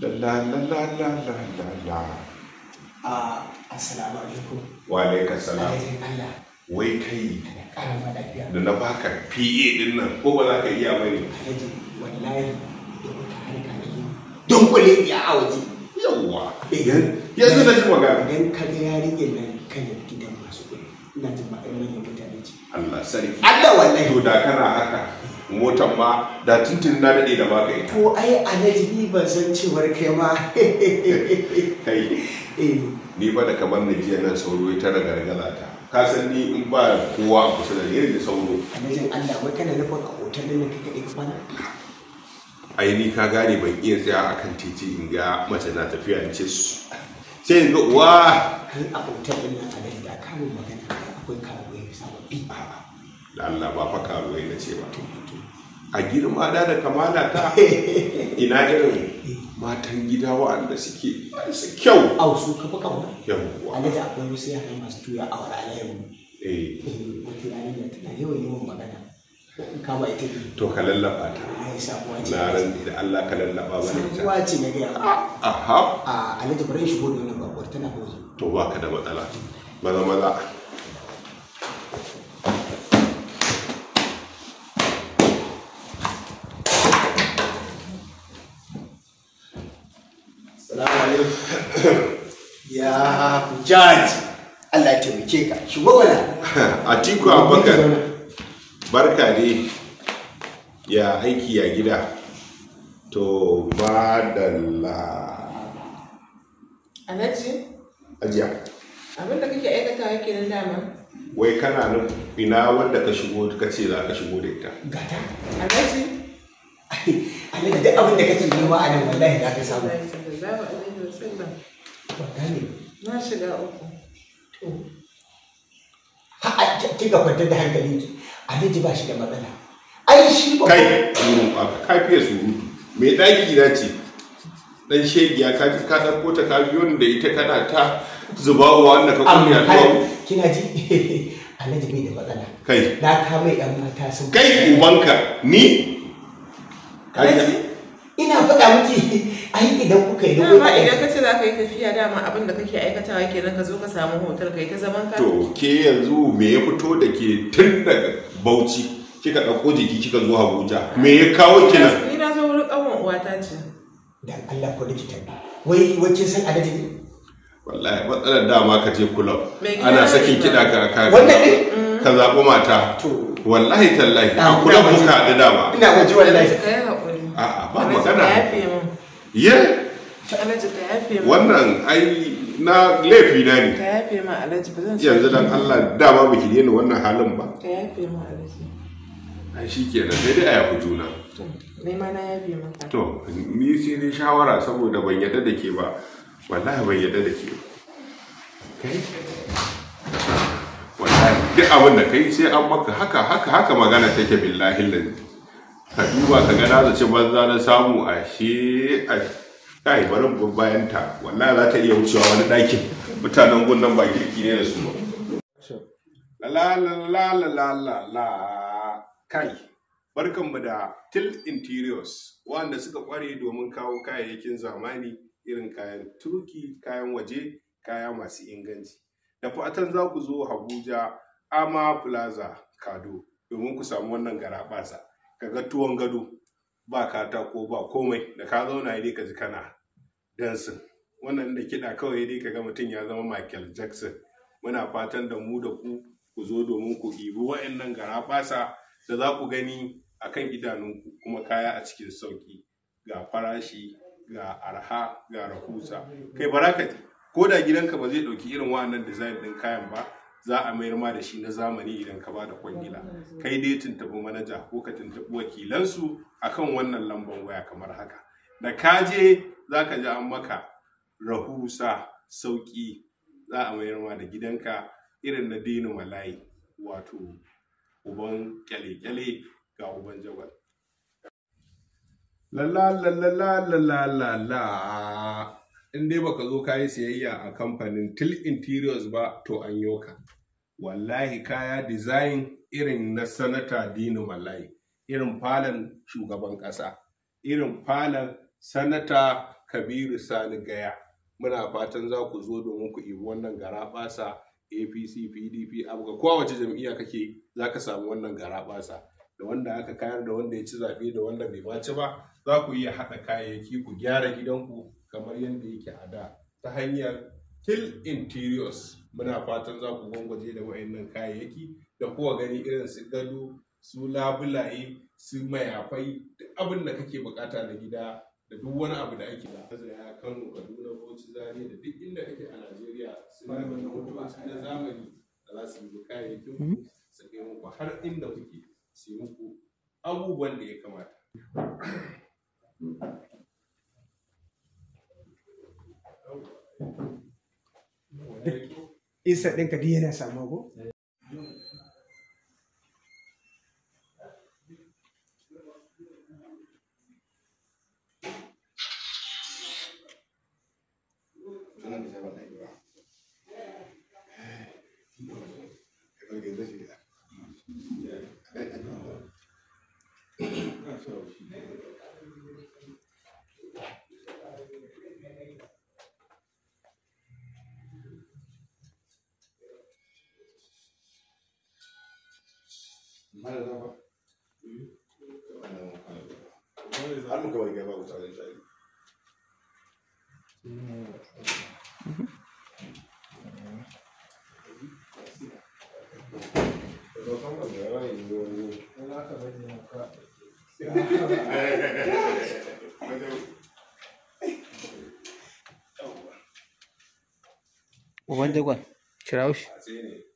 la la la a assalamu alaikum wa alaikum salam wai kai da na baka pa din nan ko ba ka iya bane alhaji wallahi da wata harka na zo don kule ya a waje yawwa idan yanzu na ji magana idan ka ga yarinyar nan gidan masu kuɗi ina jin ba'ar manyan mutane Allah motan ma da tuntun na daɗe da baka yi. to ai yaji ni ban san cewar kai ma kai eh. ni ba da kamar na jiya nan sauro ya tara gargala ta ka san ni in ba kowa a kusa da da sauro alhajin Allah wai kana nufin a hotel din ka kaɗai ka ai ni ka gane ban iya tsaya akan titi in ga mace na tafiya in ce sai ga uwa kai a hotel ɗin nan a da kamun magana akwai kawo sababbi da Allah ba fa karuwai na ce ba a girma da da kamala ta ina irin matan gida wa'anda suke su kyau A su kafa kauna a alaji akwai wasu yara masu tuya a wani alayyar eh wato yarinya tana yawan yawan magana ka ba ita to ka lallaba ta na ran da Allah ka lallaba ba ne ta sabuwa ce na ga aha a alaji bari shi da wannan babuwar tana hoje to ba ka da matsala maza maza Salamu alaikum. Ya Jaji. Allah ya taimake ka. Shigo wala. Atiku Abubakar. Barka ne. Ya aiki ya gida. To ba da la. Alhaji? Ajiya. Abin da kake aikata yake nan dama. Wai kana nufina wanda ka shigo ka ce za ka shigo da ita. Gata. annabi duk abin da kake nema a nan wallahi za ka samu na shiga uku to ha ki ga da hankalin ki ba shi da matsala ai shi ba kai mun ba ka fiye surutu me daki na ce dan shegiya ka ji ka dauko ta ka biyo da ita kana ta zuba wa wanda ka kunya ta kina ji annabi bai da matsala kai na ka mai dan mata sun kai ubanka ni ina faɗa miki ai idan kuka yi dama idan ka ce za ka yi tafiya dama abin da kake aikatawa kenan ka zo ka samu hotel ka yi ta zaman ka to ke yanzu me ya fito da ke tun daga bauchi kika ɗauko jiki kika zo abuja me ya kawo ki nan ni na zo wurin ƙanwan ta ce dan Allah ko ta likita wai wacce san adadin. ne wallahi matsalar dama ka je kulab ana sakin kiɗa ka ka mm. ka zaɓi mata wallahi tallahi a kulab muka haɗu dama ina gaji wallahi a'a ba magana ye wannan ai na laifi na ne yanzu dan Allah dama baki ne ni wannan halin ba ka yafe ma alaji ai shikenan sai dai a yafi juna ni ma na yafe maka to ni sai ni shawara saboda ban yadda da ke ba wallahi ban yadda da ke kai wallahi duk abin da kai sai an maka haka haka haka magana take billahi lalle ka duba ka gana da ce banza na samu a shi a kai bari bayan ta wallahi za ta iya wucewa wani ɗakin mutanen gunnan ba kirki ne da su ba la la la la la kai barkanmu da till interiors wanda suka kware domin kawo kayayyakin zamani irin kayan turki kayan waje kaya masu inganci da fatan za ku zo Habuja Ama Plaza Kado domin ku samu wannan garaɓasa. kaga tuwon gado ba katako ba komai da ka zauna dai ka ji kana dansin wannan da kiɗa kawai dai ka ga mutum ya zama michael jackson muna fatan da mu da ku ku zo domin ku ibi wa'annan garafasa da za ku gani a kan idanunku kuma kaya a cikin sauki ga farashi ga arha ga rahusa kai barakati ko da gidanka ba zai ɗauki irin wa'annan design ɗin kayan ba za a mayar ma da shi na zamani idan ka ba da kwangila kai dai tuntubi manaja ko ka tuntubi wakilansu akan wannan lambar waya kamar haka da ka je za ka ji an maka rahusa sauƙi za a mayar ma da gidanka irin na dinu malayi wato uban kyale-kyale ga uban jagwal la la la in dai baka zo kayi siyayya a kamfanin til interiors ba to an yoka wallahi kaya design irin na sanata dinu wallahi irin falon shugaban ƙasa irin falon sanata kabiru sani gaya muna fatan za ku zo domin ku ibi wannan gara basa apc pdp kowa kowace jam'iyya kake za ka samu wannan gara basa da wanda aka kayar da wanda ya ci zaɓe da wanda bai ba za ku iya haɗa kayayyaki ku gyara gidanku kamar yadda yake a da ta hanyar Till Interiors muna fatan za ku gwangwaje da wayannan kayayyaki da kowa gani irin su gado su labulaye su mayafai duk abin da kake bukata na gida da duk wani abu da ake da zaya Kano Kaduna Bauchi zane da duk inda kake a Najeriya suna da mutuwa na zamani da za su yi kayayyakin mm-hmm. su kai muku har inda kuke su yi muku abubuwan da ya kamata. isa ɗinka duk yana samu ko Uban jagon, kirawo shi.